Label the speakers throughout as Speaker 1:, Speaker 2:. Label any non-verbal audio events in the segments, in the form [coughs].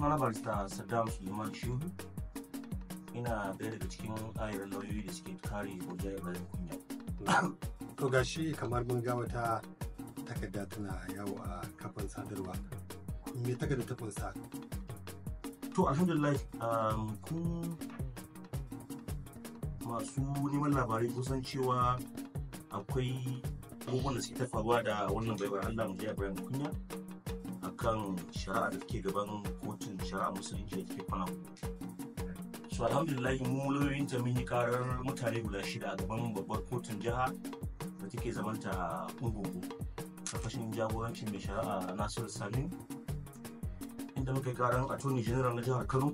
Speaker 1: suna ta saddam suleiman shehu ina ɗaya daga cikin ayarin lauyoyi da suke kare godiya ibrahim kunya [coughs] to ga shi kamar mun ga wata takarda tana yawo a kafin sadarwa me takarda ta kunsa to alhamdulillah um, ku masu neman labarai kusan cewa akwai abubuwan da suke ta faruwa da wannan baiwar allah mu ibrahim kunya kan shari'a da ke gaban kotun shari'a musulunci da take kwana so alhamdulillahi mu lauyoyin ta mun yi karar mutane guda shida a gaban babbar kotun jiha da take zamanta ungungu kafashin jagorancin mai shari'a nasir salim inda muka yi karar attorney general na jihar kano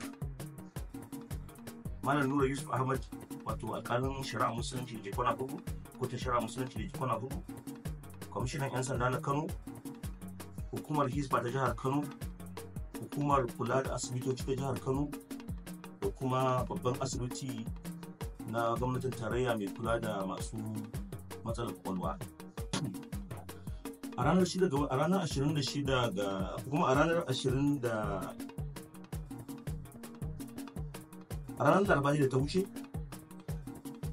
Speaker 1: malam nura yusuf ahmad wato alkalin shari'a musulunci da kwana bugu kotun shari'a musulunci da kwana bugu kwamishinan 'yan sanda na kano hukumar hisba ta jihar kano hukumar kula da asibitoci ta jihar kano da kuma babban asibiti na gwamnatin tarayya mai kula da masu matsalar kwakwalwa a ranar 26 ga kuma a ranar 20 da a ranar laraba da ta wuce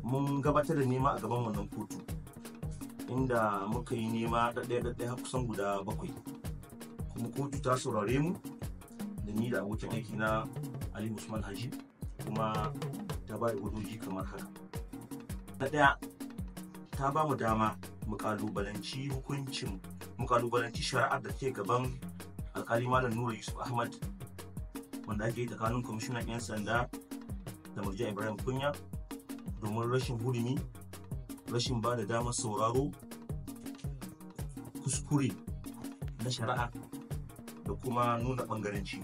Speaker 1: mun gabatar da nema a gaban wannan kotu inda muka yi nema ɗaɗɗaya-ɗaɗɗaya kusan guda bakwai kuma kotu ta saurare mu da ni da abokin aiki na ali usman haji kuma ta ba da kamar haka na ɗaya ta ba mu dama mu kalubalanci hukuncin mu kalubalanci shari'ar da ke gaban alkali malam nura yusuf ahmad wanda ake yi tsakanin kwamishinan 'yan sanda da murja ibrahim kunya domin rashin hurumi rashin ba da damar sauraro kuskure na shari'a da kuma nuna bangaranci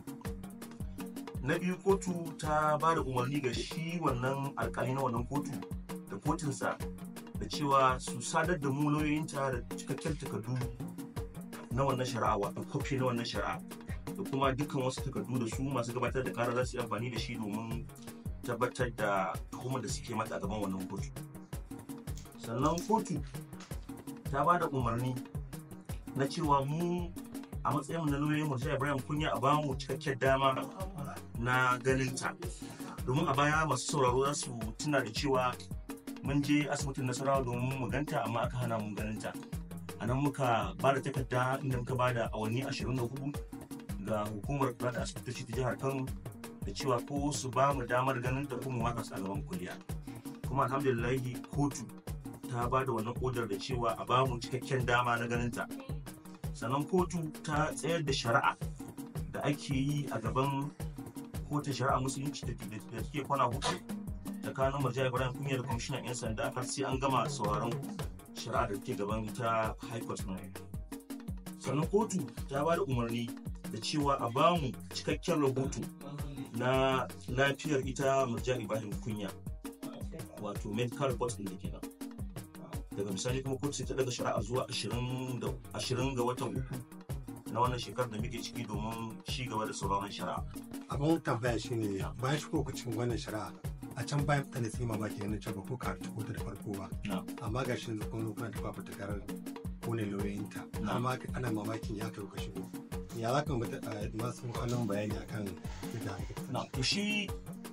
Speaker 1: na biyu kotu ta ba da umarni ga shi wannan alkali na wannan kotu da kotunsa da cewa su sadar da mu lauyoyinta da cikakken takardu na wannan shari'a wato kofi na wannan shari'a da kuma dukkan wasu takardu da su masu gabatar da kara za su yi amfani da shi domin tabbatar da tuhumar da suke mata a gaban wannan kotu sannan kotu ta ba da umarni na cewa mu a matsayin na lauyoyin mu Ibrahim kunya a ba mu cikakken dama na ganin ta domin a baya masu sauraro za su tuna da cewa mun je asibitin nasarawa domin mu ganta amma aka hana mu ganin ta a nan muka ba da takarda inda muka ba da awanni 24 ga hukumar kula da asibitoci ta jihar kano da cewa ko su ba mu damar ganin ta kuma waka a gaban kuliya kuma alhamdulillahi kotu ta ba da wannan odar da cewa a ba mu cikakken dama na ganin ta sannan kotu ta tsayar da shari'a da ake yi a gaban kotun shari'a musulunci da take kwana hudu tsakanin marja ibrahim kunya da kwamishinan 'yan sanda har sai an gama sauraron shari'a da take gaban ta high court na sannan kotu ta ba da umarni da cewa a bamu cikakken rahoto na lafiyar ita marja ibrahim kunya wato medical report din da kenan daga misali kuma kotu ta daga shari'a zuwa 20 ga watan uku na wannan shekarar da muke ciki domin shi gaba da sauran shari'a abin tambaya ne bayan shigo kucin wannan shari'a a can bayan ta nasi mamaki na cewa ko ka ta da farko ba amma ga shi kun zo kuna tafa fitakar kone lauyoyinta amma ana mamakin ya kai ka ko ya za ka eh, masu kwanan bayani akan ita na to shi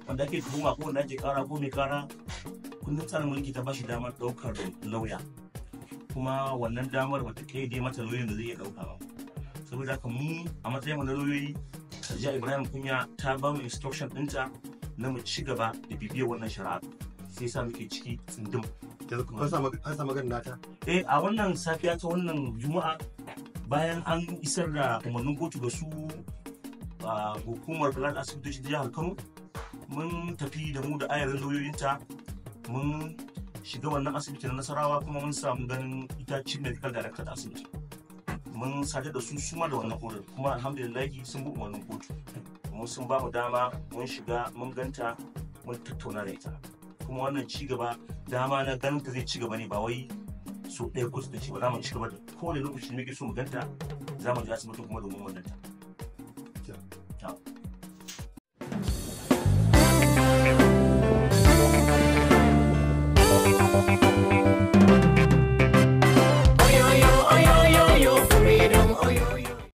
Speaker 1: wanda ake tuhuma ko wanda ake kara ko mai kara kundin tsarin mulki ta bashi damar ɗaukar lauya kuma wannan damar bata dai mata lauyoyin da zai iya ɗauka ba saboda haka mu a matsayin wani lauyoyi Hajiya Ibrahim Kunya ta ba mu instruction ɗinta na mu ci gaba da bibiyar wannan shari'a sai sa muke ciki Kuma An samu gan nata? Eh a wannan safiya ta wannan juma'a bayan an isar da umarnin kotu ga su hukumar da Asibitoci jihar Kano mun tafi da mu da ayarin lauyoyinta mun shiga wannan asibiti na nasarawa kuma mun samu ganin ita chief medical director da asibiti mun sadar da su suma da wannan horar kuma alhamdulillahi sun bi wannan kotu mun sun ba mu dama mun shiga mun ganta mun tattauna da ita kuma wannan ci gaba dama na ganin ta zai ci gaba ne ba wai so ɗaya kotu da ce ba za mu ci gaba da kowane lokacin muke so mu ganta za mu je asibitin kuma domin wannan